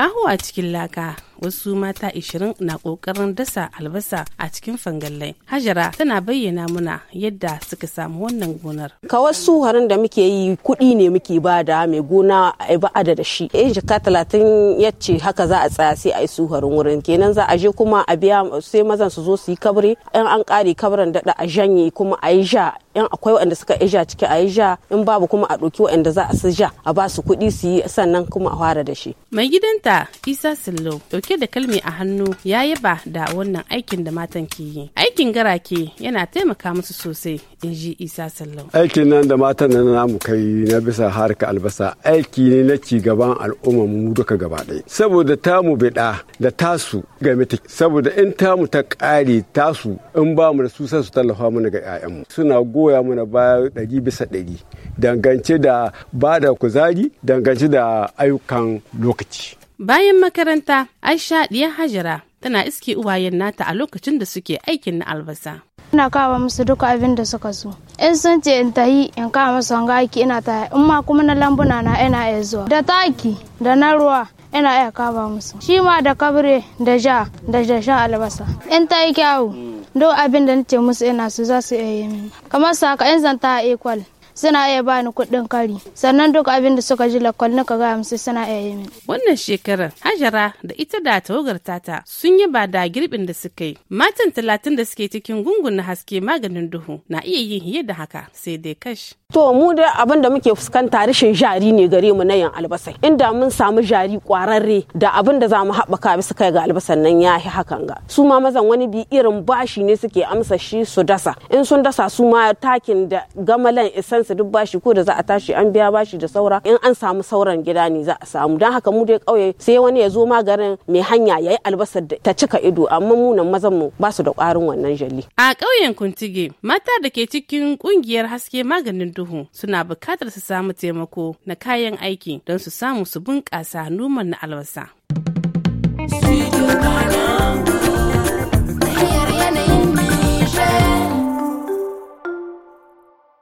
kaho a cikin laka wasu mata 20 na kokarin dasa albasa a cikin fangallai hajara tana bayyana muna yadda suka samu wannan gonar ka wasu harin da muke yi kuɗi ne muke ba da mai gona a ba da shi eh jaka 30 yace haka za a tsaya sai a yi su harin wurin kenan za a je kuma a biya sai mazan su zo su yi kabri in an kare kabrin da a janye kuma a yi ja in akwai waɗanda suka ija ciki a ja in babu kuma a ɗauki waɗanda za a su ja a ba su kuɗi su yi sannan kuma a fara da shi. Mai gidanta Isa Sillo ɗauke da kalmi a hannu ya yaba da wannan aikin da matan ke yi. aikin garake yana taimaka musu sosai in ji isa sallau aikin nan da matan nan namu kai na bisa harka albasa aiki ne na ci gaban al'umma mu duka gaba ɗaya saboda tamu biɗa da tasu game ta saboda in tamu ta ƙare tasu in ba mu da su sai su tallafa mana ga 'ya'yanmu suna goya mana baya ɗari bisa ɗari dangance da ba da kuzari dangance da ayyukan lokaci bayan makaranta aisha ɗiyar hajara tana iske uwayen nata a lokacin da suke aikin na albasa. Ina kawo musu duka abin da suka so. In sun ce in tahi in kawo musu wanga aiki ina ta in ma kuma na lambuna na ina iya zuwa. Da taki da na ruwa ina iya kawo musu. Shi ma da kabre da ja da sha albasa. In ta yi kyawu. Duk abin da nace musu ina su za su iya yi mini. Kamar saka in zanta equal. suna iya bani kuɗin kari sannan duk abin da suka ji lakwal na kaga hamsin suna iya yi min. wannan shekarar hajara da ita da tawagar tata sun yi ba da girbin da suka yi matan talatin da suke cikin gungun na haske maganin duhu na iya yin hiye da haka sai dai kash. To mu da abin da muke fuskanta rashin jari ne gare mu na yin albasai. Inda mun samu jari kwararre da abin da za mu haɓaka bisa kai ga albasan nan ya yi hakan ga. Su ma mazan wani bi irin bashi ne suke amsa shi su dasa. In sun dasa su ma takin da gamalan isan su duk bashi ko da za a tashi an biya bashi da saura. In an samu sauran gida ne za a samu. Don haka mu dai kauye sai wani ya zo ma garin mai hanya ya yi albasar da ta cika ido amma mu nan mazan mu ba su da ƙwarin wannan jali. A ƙauyen Kuntige mata da ke cikin ƙungiyar haske maganin duhu suna bukatar su samu taimako na kayan aiki don su samu su bunƙasa noman na albasa.